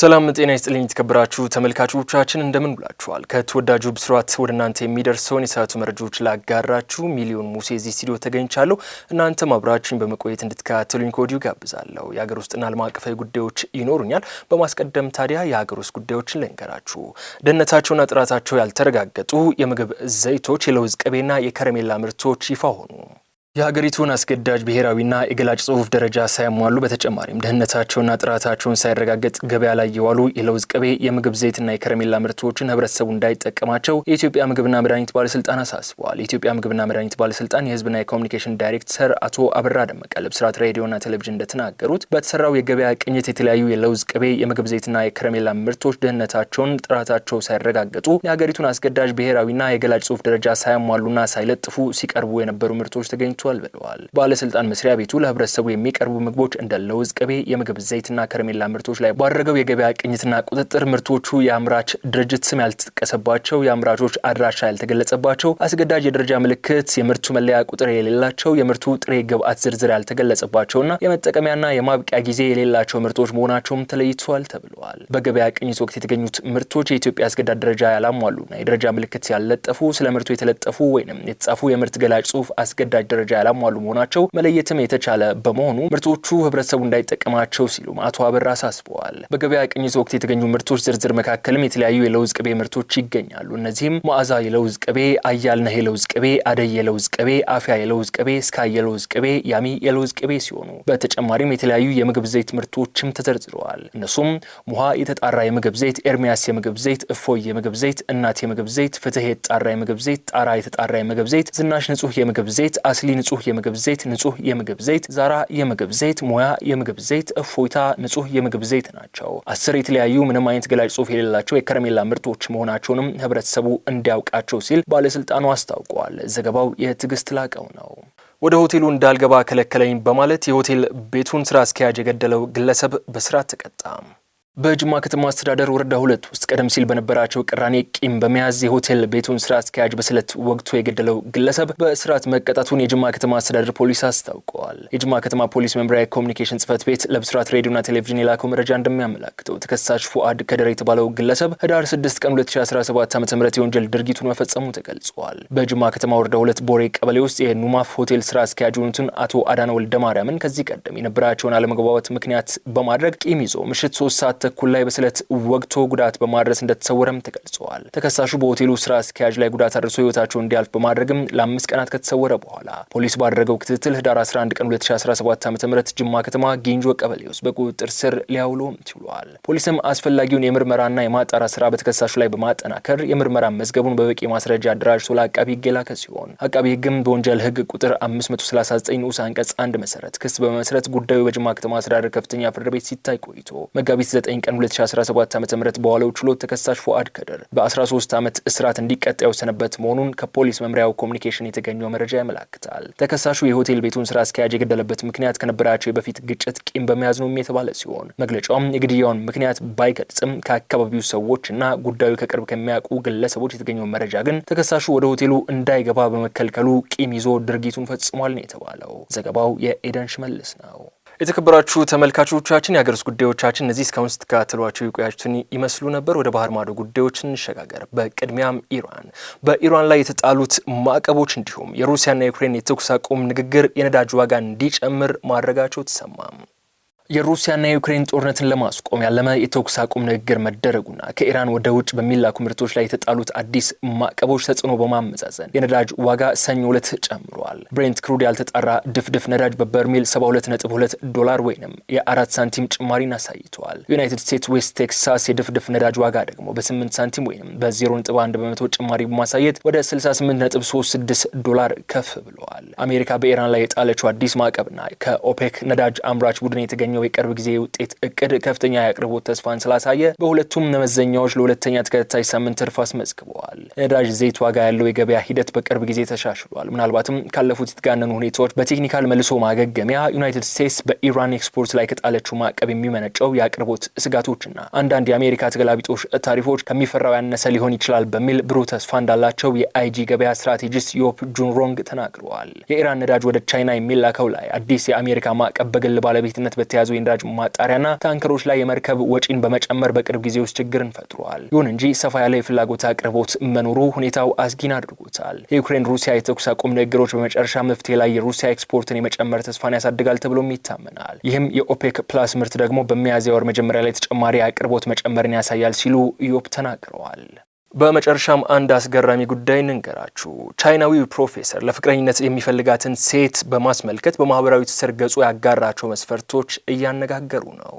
ሰላም ጤና ይስጥልኝ የተከበራችሁ ተመልካቾቻችን እንደምን ውላችኋል? ከተወዳጁ ብስራት ወደ እናንተ የሚደርሰውን የሰዓቱ መረጃዎች ላጋራችሁ ሚሊዮን ሙሴ እዚህ ስቱዲዮ ተገኝቻለሁ። እናንተም አብራችሁኝ በመቆየት እንድትከታተሉኝ ከወዲሁ ጋብዛለሁ። የሀገር ውስጥና ዓለም አቀፋዊ ጉዳዮች ይኖሩኛል። በማስቀደም ታዲያ የሀገር ውስጥ ጉዳዮችን ልንገራችሁ። ደህንነታቸውና ጥራታቸው ያልተረጋገጡ የምግብ ዘይቶች፣ የለውዝ ቅቤና የከረሜላ ምርቶች ይፋ ሆኑ። የሀገሪቱን አስገዳጅ ብሔራዊና የገላጭ ጽሑፍ ደረጃ ሳያሟሉ በተጨማሪም ደህንነታቸውና ጥራታቸውን ሳይረጋገጥ ገበያ ላይ የዋሉ የለውዝ ቅቤ፣ የምግብ ዘይትና የከረሜላ ምርቶችን ህብረተሰቡ እንዳይጠቀማቸው የኢትዮጵያ ምግብና መድኃኒት ባለስልጣን አሳስበዋል። የኢትዮጵያ ምግብና መድኃኒት ባለስልጣን የህዝብና የኮሚኒኬሽን ዳይሬክተር አቶ አብራ ደመቀ ለብስራት ሬዲዮና ቴሌቪዥን እንደተናገሩት በተሰራው የገበያ ቅኝት የተለያዩ የለውዝ ቅቤ፣ የምግብ ዘይትና የከረሜላ ምርቶች ደህንነታቸውን፣ ጥራታቸው ሳይረጋገጡ የሀገሪቱን አስገዳጅ ብሔራዊና የገላጭ ጽሁፍ ደረጃ ሳያሟሉና ሳይለጥፉ ሲቀርቡ የነበሩ ምርቶች ተገኝተዋል። ተሰጥቷል ብለዋል። ባለስልጣን መስሪያ ቤቱ ለህብረተሰቡ የሚቀርቡ ምግቦች እንደ ለውዝ፣ ቅቤ፣ የምግብ ዘይትና ከረሜላ ምርቶች ላይ ባደረገው የገበያ ቅኝትና ቁጥጥር ምርቶቹ የአምራች ድርጅት ስም ያልተጠቀሰባቸው፣ የአምራቾች አድራሻ ያልተገለጸባቸው፣ አስገዳጅ የደረጃ ምልክት፣ የምርቱ መለያ ቁጥር የሌላቸው፣ የምርቱ ጥሬ ግብአት ዝርዝር ያልተገለጸባቸውና የመጠቀሚያና የማብቂያ ጊዜ የሌላቸው ምርቶች መሆናቸውም ተለይቷል ተብለዋል። በገበያ ቅኝት ወቅት የተገኙት ምርቶች የኢትዮጵያ አስገዳጅ ደረጃ ያላሟሉና የደረጃ ምልክት ያልለጠፉ፣ ስለ ምርቱ የተለጠፉ ወይም የተጻፉ የምርት ገላጭ ጽሁፍ አስገዳጅ ደረጃ ደረጃ ያላሟሉ መሆናቸው መለየትም የተቻለ በመሆኑ ምርቶቹ ህብረተሰቡ እንዳይጠቀማቸው ሲሉም አቶ አበራ አሳስበዋል። በገበያ ቅኝት ወቅት የተገኙ ምርቶች ዝርዝር መካከልም የተለያዩ የለውዝ ቅቤ ምርቶች ይገኛሉ። እነዚህም መዓዛ የለውዝ ቅቤ፣ አያልነህ የለውዝ ቅቤ፣ አደይ የለውዝ ቅቤ፣ አፊያ የለውዝ ቅቤ፣ ስካይ የለውዝ ቅቤ፣ ያሚ የለውዝ ቅቤ ሲሆኑ በተጨማሪም የተለያዩ የምግብ ዘይት ምርቶችም ተዘርዝረዋል። እነሱም ሙሃ የተጣራ የምግብ ዘይት፣ ኤርሚያስ የምግብ ዘይት፣ እፎይ የምግብ ዘይት፣ እናት የምግብ ዘይት፣ ፍትህ የተጣራ የምግብ ዘይት፣ ጣራ የተጣራ የምግብ ዘይት፣ ዝናሽ ንጹህ የምግብ ዘይት፣ አስሊ ንጹህ የምግብ ዘይት፣ ንጹህ የምግብ ዘይት፣ ዛራ የምግብ ዘይት፣ ሙያ የምግብ ዘይት፣ እፎይታ ንጹህ የምግብ ዘይት ናቸው። አስር የተለያዩ ምንም አይነት ገላጭ ጽሁፍ የሌላቸው የከረሜላ ምርቶች መሆናቸውንም ህብረተሰቡ እንዲያውቃቸው ሲል ባለስልጣኑ አስታውቋል። ዘገባው የትዕግስት ላቀው ነው። ወደ ሆቴሉ እንዳልገባ ከለከለኝ በማለት የሆቴል ቤቱን ስራ አስኪያጅ የገደለው ግለሰብ በስርዓት ተቀጣ። በጅማ ከተማ አስተዳደር ወረዳ ሁለት ውስጥ ቀደም ሲል በነበራቸው ቅራኔ ቂም በመያዝ የሆቴል ቤቱን ስራ አስኪያጅ በስለት ወግቶ የገደለው ግለሰብ በስርዓት መቀጣቱን የጅማ ከተማ አስተዳደር ፖሊስ አስታውቀዋል። የጅማ ከተማ ፖሊስ መምሪያ ኮሚኒኬሽን ጽህፈት ቤት ለብስራት ሬዲዮና ቴሌቪዥን የላከው መረጃ እንደሚያመላክተው ተከሳሽ ፉአድ ከደር የተባለው ግለሰብ ህዳር 6 ቀን 2017 ዓ ም የወንጀል ድርጊቱን መፈጸሙ ተገልጿል። በጅማ ከተማ ወረዳ ሁለት ቦሬ ቀበሌ ውስጥ የኑማፍ ሆቴል ስራ አስኪያጅ የሆኑትን አቶ አዳነ ወልደማርያምን ከዚህ ቀደም የነበራቸውን አለመግባባት ምክንያት በማድረግ ቂም ይዞ ምሽት ሶስት ሰዓት ተኩል ላይ በስለት ወግቶ ጉዳት በማድረስ እንደተሰወረም ተገልጸዋል። ተከሳሹ በሆቴሉ ስራ አስኪያጅ ላይ ጉዳት አድርሶ ህይወታቸው እንዲያልፍ በማድረግም ለአምስት ቀናት ከተሰወረ በኋላ ፖሊስ ባደረገው ክትትል ህዳር 11 ቀን 2017 ዓ ም ጅማ ከተማ ጊንጆ ቀበሌ ውስጥ በቁጥጥር ስር ሊያውሎም ችሏል። ፖሊስም አስፈላጊውን የምርመራና የማጣራ ስራ በተከሳሹ ላይ በማጠናከር የምርመራ መዝገቡን በበቂ ማስረጃ አደራጅቶ ለአቃቢ ህግ የላከ ሲሆን አቃቢ ህግም በወንጀል ህግ ቁጥር 539 ንዑስ አንቀጽ አንድ መሰረት ክስ በመመስረት ጉዳዩ በጅማ ከተማ አስተዳደር ከፍተኛ ፍርድ ቤት ሲታይ ቆይቶ መጋቢት 9 9 ቀን 2017 ዓ ም በዋለው ችሎት ተከሳሽ ፉአድ ከድር በ13 ዓመት እስራት እንዲቀጣ የወሰነበት መሆኑን ከፖሊስ መምሪያው ኮሚኒኬሽን የተገኘው መረጃ ያመላክታል። ተከሳሹ የሆቴል ቤቱን ስራ አስኪያጅ የገደለበት ምክንያት ከነበራቸው የበፊት ግጭት ቂም በመያዝ ነው የተባለ ሲሆን መግለጫውም የግድያውን ምክንያት ባይገልጽም ከአካባቢው ሰዎች እና ጉዳዩ ከቅርብ ከሚያውቁ ግለሰቦች የተገኘው መረጃ ግን ተከሳሹ ወደ ሆቴሉ እንዳይገባ በመከልከሉ ቂም ይዞ ድርጊቱን ፈጽሟል ነው የተባለው። ዘገባው የኤደን ሽመልስ ነው። የተከበራችሁ ተመልካቾቻችን የሀገር ውስጥ ጉዳዮቻችን እነዚህ እስካሁን ስትከታተሏቸው የቆያችሁትን ይመስሉ ነበር። ወደ ባህር ማዶ ጉዳዮች እንሸጋገር። በቅድሚያም ኢራን በኢራን ላይ የተጣሉት ማዕቀቦች እንዲሁም የሩሲያና የዩክሬን የተኩስ አቁም ንግግር የነዳጅ ዋጋ እንዲጨምር ማድረጋቸው ተሰማም። የሩሲያና የዩክሬን ጦርነትን ለማስቆም ያለመ የተኩስ አቁም ንግግር መደረጉና ከኢራን ወደ ውጭ በሚላኩ ምርቶች ላይ የተጣሉት አዲስ ማዕቀቦች ተጽዕኖ በማመዛዘን የነዳጅ ዋጋ ሰኞ ዕለት ጨምሯል። ብሬንት ክሩድ ያልተጣራ ድፍድፍ ነዳጅ በበርሜል 722 ዶላር ወይንም የ4 ሳንቲም ጭማሪን አሳይተዋል። ዩናይትድ ስቴትስ ዌስት ቴክሳስ የድፍድፍ ነዳጅ ዋጋ ደግሞ በ8 ሳንቲም ወይም በ0.1 በመቶ ጭማሪ በማሳየት ወደ 68.36 ዶላር ከፍ ብለዋል። አሜሪካ በኢራን ላይ የጣለችው አዲስ ማዕቀብና ከኦፔክ ነዳጅ አምራች ቡድን የተገኘ ያገኘው የቅርብ ጊዜ ውጤት እቅድ ከፍተኛ የአቅርቦት ተስፋን ስላሳየ በሁለቱም መመዘኛዎች ለሁለተኛ ተከታታይ ሳምንት ትርፍ አስመዝግበዋል። ነዳጅ ዘይት ዋጋ ያለው የገበያ ሂደት በቅርብ ጊዜ ተሻሽሏል። ምናልባትም ካለፉት የተጋነኑ ሁኔታዎች በቴክኒካል መልሶ ማገገሚያ ዩናይትድ ስቴትስ በኢራን ኤክስፖርት ላይ ከጣለችው ማዕቀብ የሚመነጨው የአቅርቦት ስጋቶችና አንዳንድ የአሜሪካ ተገላቢጦች ታሪፎች ከሚፈራው ያነሰ ሊሆን ይችላል በሚል ብሩህ ተስፋ እንዳላቸው የአይጂ ገበያ ስትራቴጂስት ዮፕ ጁንሮንግ ተናግረዋል። የኢራን ነዳጅ ወደ ቻይና የሚላከው ላይ አዲስ የአሜሪካ ማዕቀብ በግል ባለቤትነት በተያዘ በተያዙ የነዳጅ ማጣሪያና ታንከሮች ላይ የመርከብ ወጪን በመጨመር በቅርብ ጊዜ ውስጥ ችግርን ፈጥሯል። ይሁን እንጂ ሰፋ ያለ የፍላጎት አቅርቦት መኖሩ ሁኔታው አስጊን አድርጎታል። የዩክሬን ሩሲያ የተኩስ አቁም ንግግሮች በመጨረሻ መፍትሄ ላይ የሩሲያ ኤክስፖርትን የመጨመር ተስፋን ያሳድጋል ተብሎም ይታመናል። ይህም የኦፔክ ፕላስ ምርት ደግሞ በሚያዝያ ወር መጀመሪያ ላይ ተጨማሪ አቅርቦት መጨመርን ያሳያል ሲሉ ኢዮፕ ተናግረዋል። በመጨረሻም አንድ አስገራሚ ጉዳይ እንንገራችሁ። ቻይናዊው ፕሮፌሰር ለፍቅረኝነት የሚፈልጋትን ሴት በማስመልከት በማህበራዊ ትስስር ገጹ ያጋራቸው መስፈርቶች እያነጋገሩ ነው።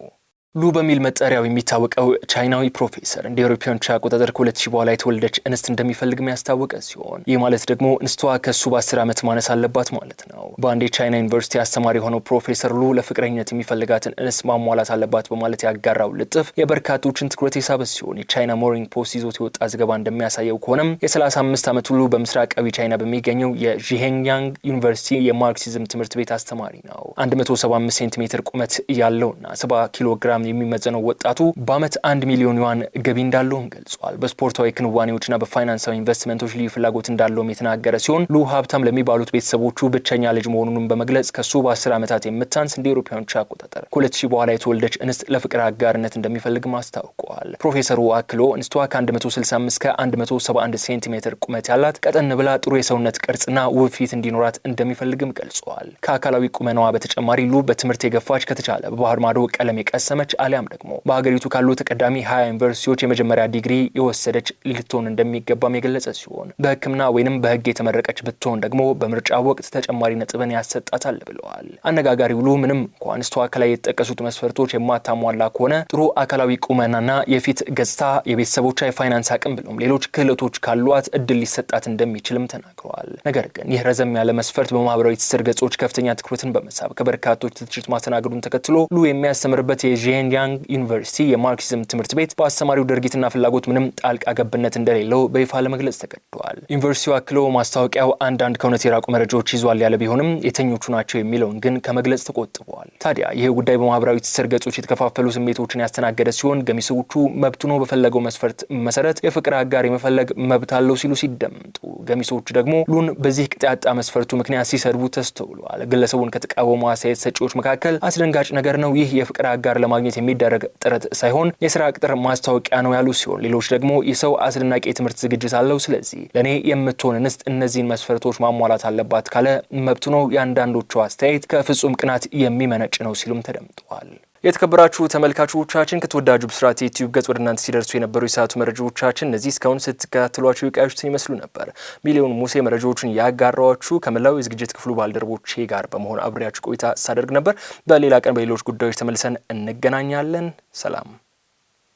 ሉ በሚል መጠሪያው የሚታወቀው ቻይናዊ ፕሮፌሰር እንደ ኤሮፓውያን አቆጣጠር ከሁለት ሺህ በኋላ የተወለደች እንስት እንደሚፈልግም ያስታወቀ ሲሆን ይህ ማለት ደግሞ እንስቷ ከሱ በአስር ዓመት ማነስ አለባት ማለት ነው። በአንድ የቻይና ዩኒቨርሲቲ አስተማሪ የሆነው ፕሮፌሰር ሉ ለፍቅረኝነት የሚፈልጋትን እንስት ማሟላት አለባት በማለት ያጋራው ልጥፍ የበርካቶችን ትኩረት የሳበ ሲሆን የቻይና ሞሪንግ ፖስት ይዞት የወጣ ዘገባ እንደሚያሳየው ከሆነም የ35 ዓመቱ ሉ በምስራቃዊ ቻይና በሚገኘው የዢሄንያንግ ዩኒቨርሲቲ የማርክሲዝም ትምህርት ቤት አስተማሪ ነው። 175 ሴንቲሜትር ቁመት ያለውና 70 ኪሎ ግራም የሚመዘነው ወጣቱ በዓመት አንድ ሚሊዮን ዩዋን ገቢ እንዳለውም ገልጿል። በስፖርታዊ ክንዋኔዎችና በፋይናንሳዊ ኢንቨስትመንቶች ልዩ ፍላጎት እንዳለውም የተናገረ ሲሆን ሉ ሀብታም ለሚባሉት ቤተሰቦቹ ብቸኛ ልጅ መሆኑንም በመግለጽ ከሱ በአስር ዓመታት የምታንስ እንደ ኤሮፓውያን አቆጣጠር ሁለት ሺህ በኋላ የተወለደች እንስት ለፍቅር አጋርነት እንደሚፈልግም አስታውቀዋል። ፕሮፌሰሩ አክሎ እንስቷ ከ165 እስከ 171 ሴንቲሜትር ቁመት ያላት ቀጠን ብላ ጥሩ የሰውነት ቅርጽና ውብ ፊት እንዲኖራት እንደሚፈልግም ገልጸዋል። ከአካላዊ ቁመናዋ በተጨማሪ ሉ በትምህርት የገፋች ከተቻለ በባህር ማዶ ቀለም የቀሰመች አሊያም ደግሞ በሀገሪቱ ካሉ ተቀዳሚ ሀያ ዩኒቨርሲቲዎች የመጀመሪያ ዲግሪ የወሰደች ልትሆን እንደሚገባም የገለጸ ሲሆን በሕክምና ወይንም በሕግ የተመረቀች ብትሆን ደግሞ በምርጫ ወቅት ተጨማሪ ነጥብን ያሰጣታል ብለዋል። አነጋጋሪ ውሉ ምንም እንኳን ስቷ ከላይ የተጠቀሱት መስፈርቶች የማታሟላ ከሆነ ጥሩ አካላዊ ቁመናና የፊት ገጽታ፣ የቤተሰቦቿ የፋይናንስ አቅም ብሎም ሌሎች ክህሎቶች ካሏት እድል ሊሰጣት እንደሚችልም ተናግረዋል። ነገር ግን ይህ ረዘም ያለ መስፈርት በማህበራዊ ትስስር ገጾች ከፍተኛ ትኩረትን በመሳብ ከበርካቶች ትችት ማስተናገዱን ተከትሎ ሉ የሚያስተምርበት የጄን ፒዮንግያንግ ዩኒቨርሲቲ የማርክሲዝም ትምህርት ቤት በአስተማሪው ድርጊትና ፍላጎት ምንም ጣልቃ ገብነት እንደሌለው በይፋ ለመግለጽ ተገድደዋል። ዩኒቨርሲቲው አክሎ ማስታወቂያው አንዳንድ ከእውነት የራቁ መረጃዎች ይዟል ያለ ቢሆንም የተኞቹ ናቸው የሚለውን ግን ከመግለጽ ተቆጥበዋል። ታዲያ ይህ ጉዳይ በማህበራዊ ትስስር ገጾች የተከፋፈሉ ስሜቶችን ያስተናገደ ሲሆን ገሚሶቹ መብት ሆኖ በፈለገው መስፈርት መሰረት የፍቅር አጋር የመፈለግ መብት አለው ሲሉ ሲደመጡ፣ ገሚሶቹ ደግሞ ሉን በዚህ ቅጥ ያጣ መስፈርቱ ምክንያት ሲሰድቡ ተስተውሏል። ግለሰቡን ከተቃወሙ አስተያየት ሰጪዎች መካከል አስደንጋጭ ነገር ነው ይህ የፍቅር አጋር ለማግኘት ለማግኘት የሚደረግ ጥረት ሳይሆን የስራ ቅጥር ማስታወቂያ ነው ያሉ ሲሆን ሌሎች ደግሞ የሰው አስደናቂ የትምህርት ዝግጅት አለው። ስለዚህ ለእኔ የምትሆን እንስት እነዚህን መስፈርቶች ማሟላት አለባት ካለ መብቱ ነው። የአንዳንዶቹ አስተያየት ከፍጹም ቅናት የሚመነጭ ነው ሲሉም ተደምጠዋል። የተከበራችሁ ተመልካቾቻችን ከተወዳጁ ብስራት የዩቲዩብ ገጽ ወደ እናንተ ሲደርሱ የነበሩ የሰዓቱ መረጃዎቻችን እነዚህ እስካሁን ስትከታተሏቸው የቆያችሁትን ይመስሉ ነበር። ሚሊዮን ሙሴ መረጃዎችን ያጋራዋችሁ ከመላው የዝግጅት ክፍሉ ባልደረቦቼ ጋር በመሆን አብሬያችሁ ቆይታ ሳደርግ ነበር። በሌላ ቀን በሌሎች ጉዳዮች ተመልሰን እንገናኛለን። ሰላም